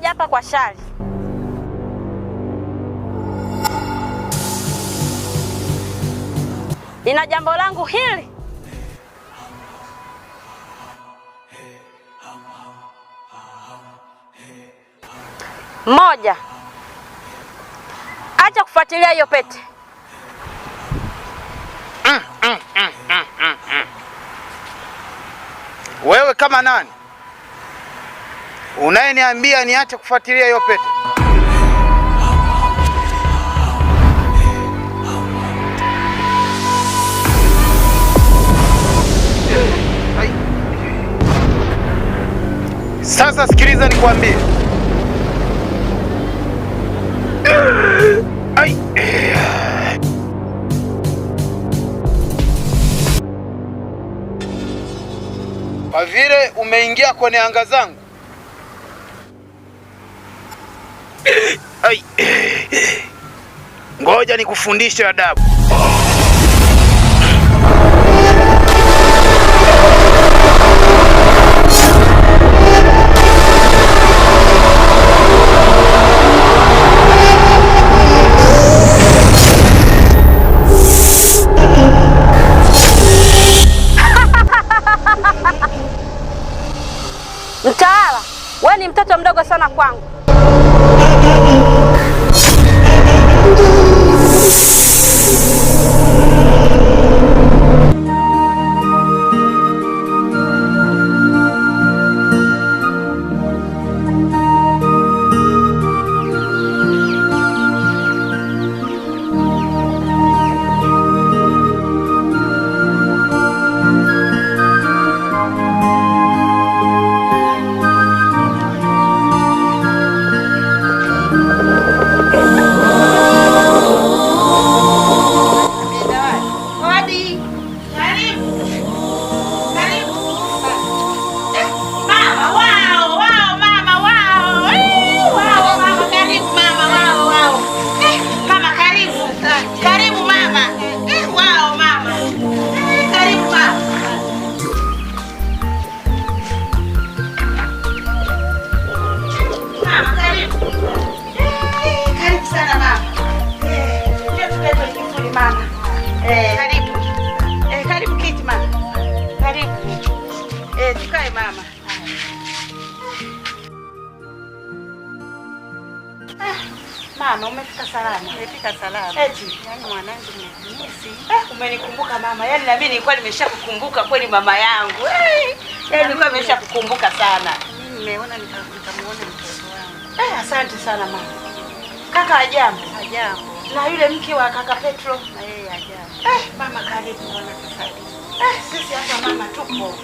Nilikuja hapa kwa Shari. Nina jambo langu hili. Moja, acha kufuatilia hiyo pete. Mm, mm, mm, mm, mm. Wewe kama nani? unayeniambia niache kufuatilia hiyo pete? Sasa sikiliza nikuambie Kwa vile umeingia kwenye anga zangu ngoja Ngoja nikufundishe adabu. Mama, umefika salama? Nimefika eh, salama. Eti, eh, yaani mwanangu nimekuhisi. Eh, umenikumbuka mama. Yaani na mimi nilikuwa nimeshakukumbuka kweli mama yangu. Eh, yaani nilikuwa nimeshakukumbuka sana. Mimi nimeona nikamuona mtoto wangu. Eh, asante sana mama. Kaka hajambo? Hajambo. Na yule mke wa kaka Petro? Na yeye hajambo. Eh, mama karibu mwana. Eh, sisi hapa mama tupo.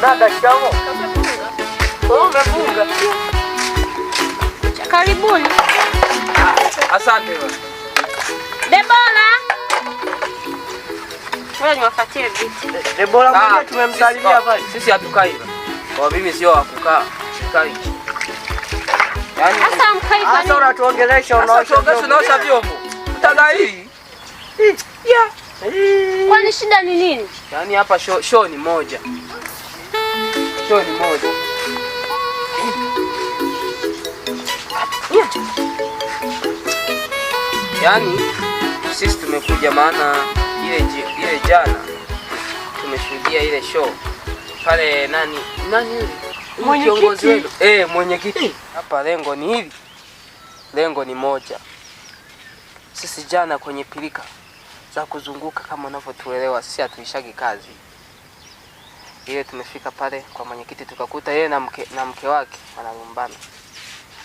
Dada, Karibuni. Asante Debora. Debora ah, tumemsalimia pale. Sisi hatukai. Kwa mimi sio wa kukaa. Sikai. Yaani sasa mkai kwa nini? Sasa unatuongelesha unaosha vyombo. Utadai. Yeah. Kwani shida ni nini? Yaani hapa show ni moja toni moja. Yaani sisi tumekuja, maana ile ile jana tumeshuhudia ile show pale nani nani mwenyekiti eh, mwenyekiti hapa. Lengo ni hili, lengo ni moja. Sisi jana kwenye pilika za kuzunguka, kama unavyotuelewa sisi, hatuishagi kazi ile tumefika pale kwa mwenyekiti tukakuta yeye na mke, na mke wake wanalumbana.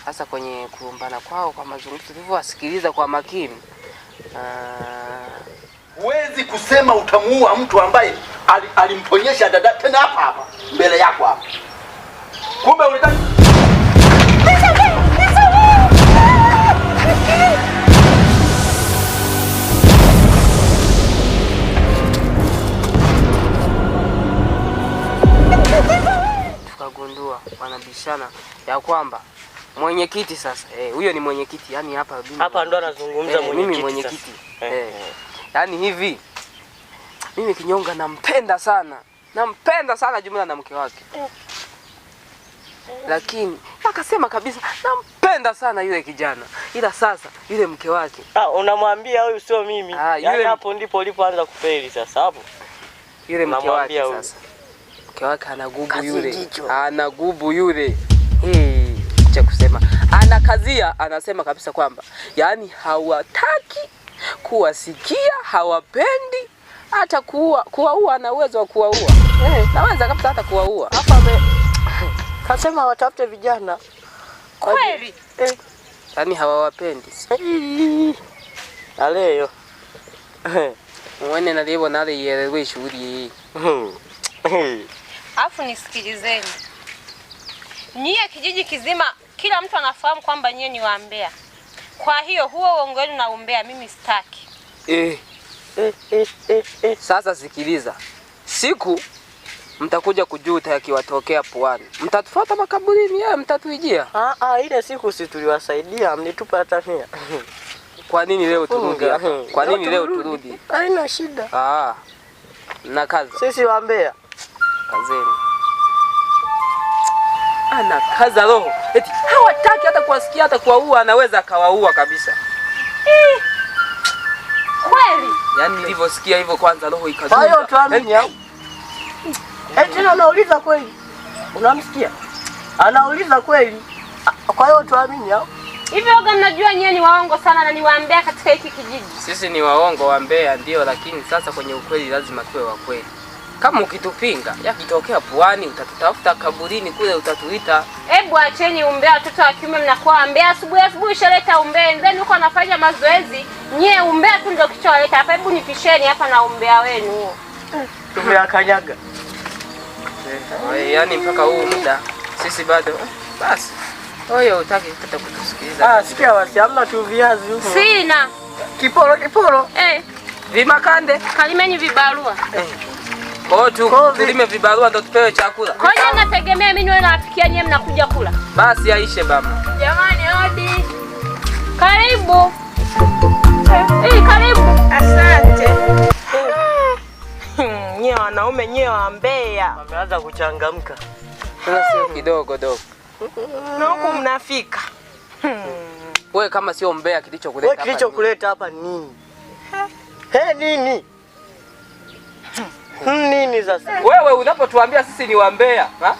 Sasa kwenye kulumbana kwao kwa mazungumzo, tulivyowasikiliza kwa makini, ah, huwezi uh... kusema utamuua mtu ambaye alimponyesha dada tena hapa hapa mbele yako hapa, kumbe unataka wanajua wanabishana ya kwamba mwenyekiti sasa eh, huyo eh, ni mwenyekiti yani hapa hapa ndo anazungumza eh, mimi mwenyekiti eh, eh. yani hivi mimi Kinyonga nampenda sana nampenda sana jumla na mke wake Lakini akasema kabisa nampenda sana yule kijana, ila sasa yule mke wake. Ah, unamwambia huyu sio mimi. Ah, yule... Yaani hapo ndipo ulipoanza kufeli sasa hapo. Yule mke wake sasa mke wake anagubu yule, anagubu yule hmm, cha kusema anakazia, anasema kabisa kwamba yani hawataki kuwasikia, hawapendi hata kuua, kuwaua ana uwezo wa kuwaua hey, eh, naweza kabisa hata kuwaua hapa Ame kasema watafute vijana kweli eh, yaani hawawapendi aleyo mwene nalivyo naliyelewe shughuli hii hmm. Alafu nisikilizeni nyie, kijiji kizima, kila mtu anafahamu kwamba nyie ni waambea. Kwa hiyo huo uongo wenu na umbea mimi sitaki. Eh, eh, eh, eh, eh. Sasa sikiliza, siku mtakuja kujuta yakiwatokea puani, mtatufuata makaburini, yeye eh, mtatuijia. Ah, ah, ile siku si tuliwasaidia, mlitupa hata mia. Kwa nini leo turudi Kwa nini leo turudi? Haina shida. Ah, na kazi sisi waambea kazeni. Anakaza roho eti hawataki hata kuwasikia, hata kuwaua, anaweza akawaua kabisa. Eh, kweli yani, nilivyosikia hivyo kwanza roho ikazuka. Kwa hiyo tuamini yaani au? Eti eh, anauliza kweli, unamsikia anauliza kweli. Kwa hiyo tuamini au? Hivi waga, mnajua nyewe ni waongo sana na ni waambea katika hiki kijiji. Sisi ni waongo, waambea ndio, lakini sasa kwenye ukweli lazima tuwe wa kweli. Kama ukitupinga yakitokea puani, utatutafuta kaburini kule, utatuita. Hebu acheni umbea, watoto wa kiume mnakuwa ambea. Asubuhi asubuhi shaleta umbea, then huko anafanya mazoezi nyie. Umbea tu ndio kichowaleta hapa. Hebu nipisheni hapa na umbea wenu, tumeakanyaga yaani mpaka huu muda sisi bado eh, basi. Oyo utaki hata kutusikiliza. Ah, sikia wasi amna tu viazi huko. Sina. Kiporo kiporo. Eh. Vimakande. Kalimeni vibarua. Eh. Kwa hiyo tulime vibarua ndo tupewe chakula. Kwa hiyo nategemea mimi niwe na rafiki nyewe mnakuja kula. Basi aishe baba. Jamani hodi. Karibu. Eh, karibu. Asante. Nyewe wanaume nyewe wa Mbeya. Wameanza kuchangamka. Sasa sio kidogo dogo. Na huko mnafika. Hmm. Wewe kama sio Mbeya kilichokuleta hapa. Wewe kilichokuleta hapa nini? Hey, nini? nini sasa? Wewe unapotuambia sisi ni wambea ha?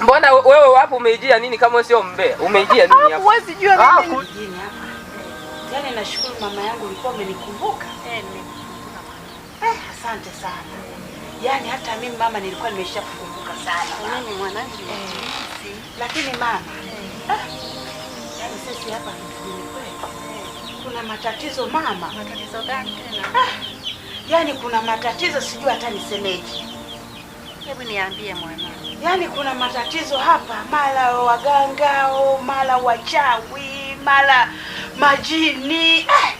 Mbona wewe wapo umeijia nini kama sio mbea? Umeijia nini ah, hapo? Huwezi jua mimi ah, hapa. Yaani nashukuru mama yangu ulikuwa umenikumbuka. Eh, eh, asante sana. Yaani hata mimi mama nilikuwa nimeshakukumbuka sana. Mimi mwanangu. Eh. Lakini mama. Eh. eh. yaani sisi hapa ni kweli. Kuna matatizo mama. Matatizo gani tena? Ah. Yaani kuna matatizo sijui hata nisemeje. Hebu niambie mwana. Yaani kuna matatizo hapa, mara waganga, mara wachawi, mara majini, eh,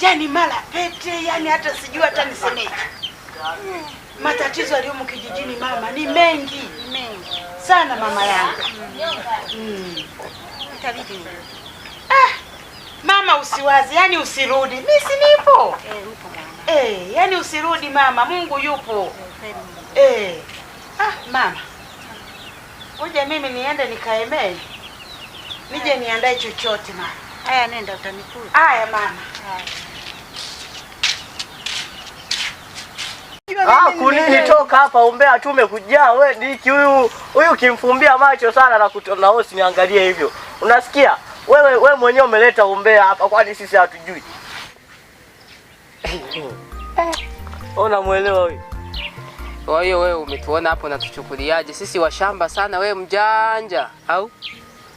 yaani mara pete, yaani hata sijui hata nisemeje. Matatizo yaliyomo kijijini mama ni mengi, mengi sana mama yangu. Mm. mm. Mama usiwazi, yani usirudi. Mimi si nipo. Eh, upo eh, yani usirudi mama, Mungu yupo. Eh, eh. Ah, mama. Ngoja mimi niende nikaemee. Nije niandae chochote mama. Haya, nenda utanikuta. Haya mama. Ah, kunini toka hapa umbea tu umekujaa wewe diki huyu huyu kimfumbia macho sana na wewe usiniangalie hivyo. Unasikia? wewe we mwenyewe umeleta umbea hapa, kwani sisi hatujui? Eh. Unamwelewa huyu? Kwa hiyo wewe umetuona hapo, natuchukuliaje sisi washamba sana? Wewe mjanja au?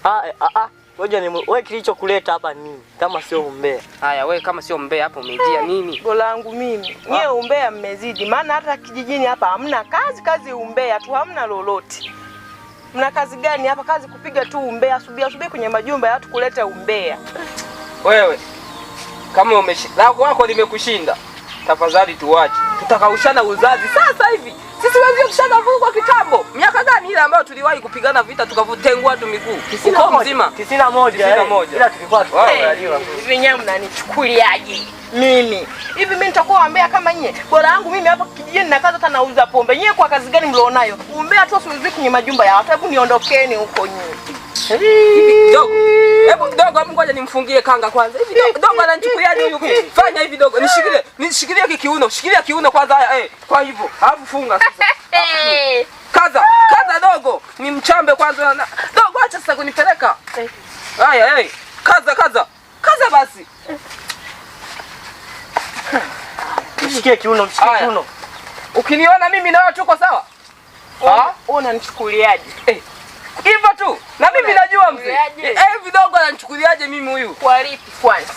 Ah, eh, ah, ah. Ngoja ni wewe, kilichokuleta hapa nini kama sio umbea? Haya wewe, kama sio umbea hapo umejia nini? Bolangu mimi nyie, umbea mmezidi, maana hata kijijini hapa hamna kazi, kazi umbea tu, hamna lolote mna kazi gani hapa? Kazi kupiga tu umbea asubuhi asubuhi kwenye majumba ya watu kuleta umbea. Wewe kama umeshi lako wako limekushinda, tafadhali tuwache, tutakaushana uzazi sasa hivi. Sisi wezi kushaza vugu kwa kitambo. Miaka gani ile ambayo tuliwahi kupigana vita tukavutengua watu miguu? Uko mzima. 91. Eh. Ila tulikuwa tunajua. Eh, hivi nyewe mnanichukuliaje? Mimi. Hivi mimi nitakuwa wambea kama nyie. Bora yangu mimi hapa kijijini na kazi hata nauza pombe. Nyie kwa kazi gani mlionayo? Umbea tu siwezi kwenye majumba ya watu. Hebu niondokeni huko nyie. Dogo, hebu dogo, ngoja nimfungie kanga kwanza. Hivi dogo ananichukuliaje huyu? Fanya hivi dogo, nishikilie, nishikilie kikiuno, shikilia kiuno kwanza eh, eh, kwa hivyo. Alafu funga sasa. Kaza, kaza dogo, ni mchambe kwanza. Dogo, acha sasa kunipeleka. Haya, eh. Kaza, kaza. Kaza basi. Mshikie kiuno, mshikie kiuno. Ukiniona mimi na wewe tuko sawa? Ona, unanichukuliaje? Eh hivyo tu, na mimi najua mzee. Eh, eh vidogo ananichukuliaje mimi huyu? Kwa lipi kwanza?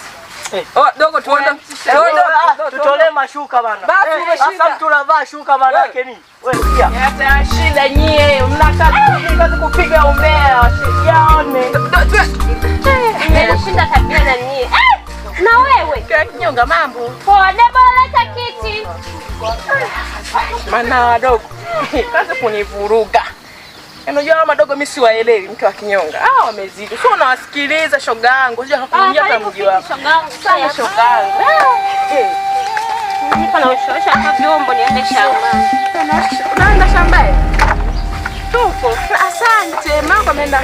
Eh. Oh, dogo tuende. Tuende ah, tutolee mashuka bana. Basi eh, umeshinda. Sasa tunavaa shuka bana yake ni. Wewe pia. Hata shida nyie, mnataka ah! kupiga umbea washikaone. Nimeshinda kabisa na nyie. Na wewe kinyonga mambo. Poa, debo leta kiti. Mana wadogo. Ah. Kaza kunivuruga. Eh, unajua hao madogo mimi siwaelewi, mtu wa kinyonga. Hao wamezidi. Sio unawasikiliza shogangu. Sio hakuingia ah, hata mji wako. Shogangu sana shogangu. Ah. Eh. Nipa na ushosha kwa vyombo niende shambani. Unaenda shambani? Tuko. Asante. Mama ameenda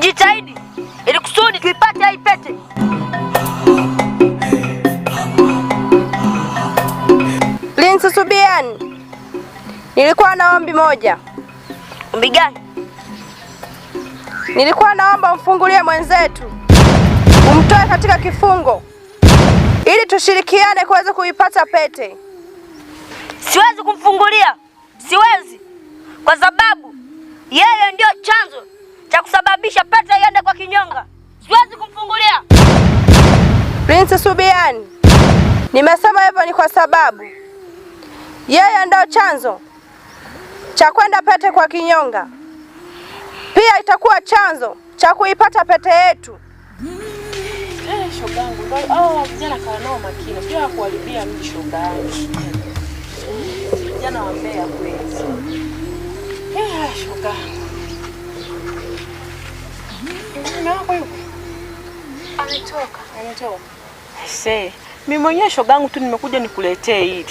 Tujitahidi ili kusudi tuipate hii pete. Linsi Subiani, nilikuwa na ombi moja. Ombi gani? Nilikuwa naomba umfungulie mwenzetu, umtoe katika kifungo ili tushirikiane kuweza kuipata pete. Siwezi kumfungulia, siwezi, kwa sababu yeye ndio chanzo cha kusababisha pete iende kwa kinyonga. Siwezi kumfungulia Prince Subiani. Nimesema hivyo ni kwa sababu yeye ndio chanzo cha kwenda pete kwa kinyonga, pia itakuwa chanzo cha kuipata pete yetu. Eh, shogangu. Oh, mume wako Ametoka. Ametoka. mimi mwenyewe shogangu tu nimekuja nikuletee hili.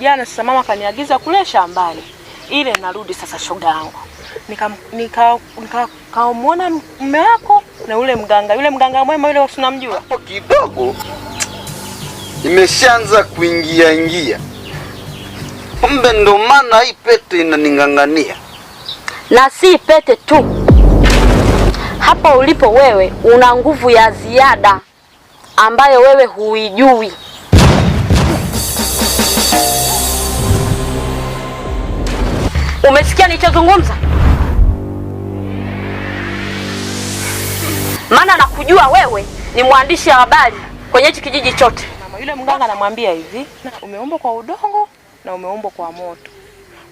Jana sasa mama kaniagiza kule shambani. Ile narudi sasa shogangu. Nika nikamuona mume wako na ule mganga. Yule mganga mwema yule usinamjua. Hapo kidogo imeshaanza kuingia ingia. Kumbe ndo maana hii pete inaning'ang'ania. Na si pete tu hapa ulipo wewe una nguvu ya ziada ambayo wewe huijui. Umesikia nilichozungumza? Maana nakujua wewe ni mwandishi wa habari kwenye hichi kijiji chote. Mama yule mganga anamwambia hivi, umeumbwa kwa udongo na umeumbwa kwa moto.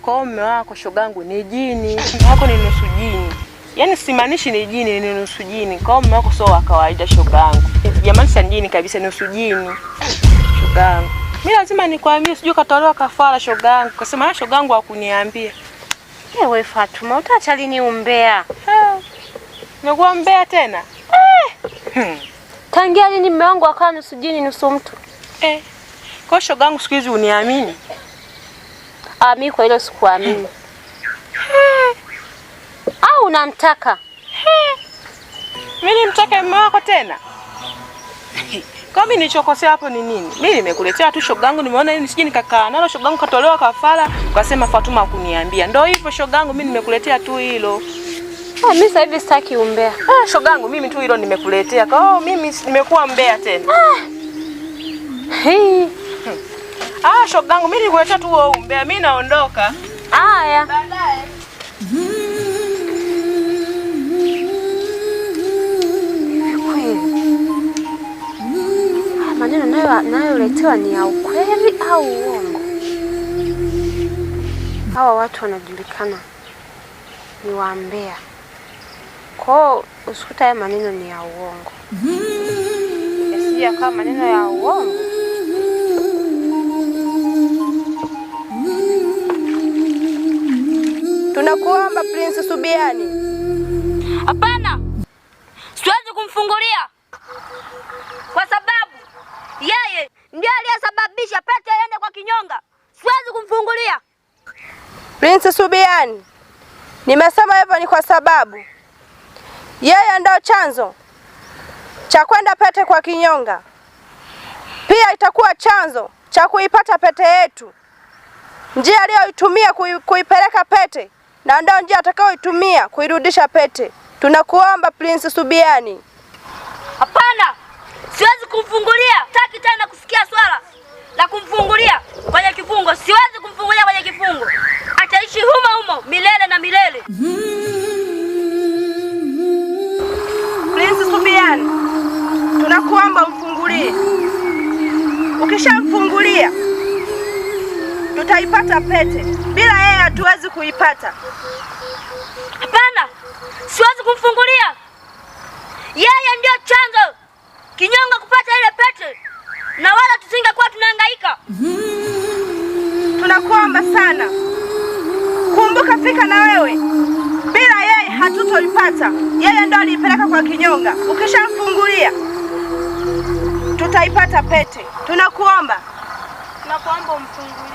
Kwa hiyo mume wako shogangu ni jini, mume wako ni nusu Yaani simaanishi ni jini, ni nusu jini. Kwa hiyo mume wako sio wa kawaida shoga yangu. Jamani si jini kabisa, ni nusu jini. Shoga yangu. Mimi lazima nikwambie sijui katolewa kafara shoga yangu. Kasema na shoga yangu hakuniambia. Ewe eh, Fatuma, utaacha lini umbea? Eh, Nakuwa mbea tena? Eh! Hmm. Tangia lini mume wangu akawa nusu jini nusu mtu? Eh. Kwa shoga yangu siku hizi uniamini? Ah, mimi kwa hilo sikuamini. Hmm unamtaka? Mimi nimtake mume wako tena? Kwa mimi nilichokosea hapo ni nini? Mimi nimekuletea tu shogangu, nimeona yeye nisije nikakaa nalo shogangu, katolewa kafara, kasema Fatuma hakuniambia. Ndio hivyo shogangu, mimi nimekuletea tu hilo. Ah, oh, mimi sasa hivi sitaki umbea. Ah, shogangu, mimi tu hilo nimekuletea. Kwa mimi nimekuwa mbea tena. Ah. Hii. Hmm. Ah, shogangu, mimi nilikuletea tu huo umbea. Mimi naondoka. Haya. Baadaye. maarifa nayoletewa ni ya ukweli au uongo? Hawa watu wanajulikana ni wambea, kwao usikuta haya maneno ni ya uongo, yasija kama maneno ya uongo. Tunakuomba Prince Subiani. Hapana, siwezi kumfungulia kumsababisha Pete aende kwa kinyonga. Siwezi kumfungulia. Prince Subiani, nimesema hivyo ni kwa sababu yeye ndio chanzo cha kwenda Pete kwa kinyonga, pia itakuwa chanzo cha kuipata Pete yetu. Njia aliyoitumia kui, kuipeleka Pete na ndio njia atakayoitumia kuirudisha Pete. Tunakuomba Prince Subiani. Hapana, siwezi kumfungulia. taki tena kusikia swala la kumfungulia kwenye kifungo. Siwezi kumfungulia kwenye kifungo, ataishi humo humo milele na milele. Prince Subiani, tunakuomba umfungulie. Ukishamfungulia tutaipata pete, bila yeye hatuwezi kuipata. Hapana, siwezi kumfungulia yeye, ndio chanzo sana. Kumbuka fika na wewe, bila yeye hatutoipata. Yeye ndo aliipeleka kwa kinyonga. Ukishamfungulia tutaipata pete. Tunakuomba, tunakuomba umfungulie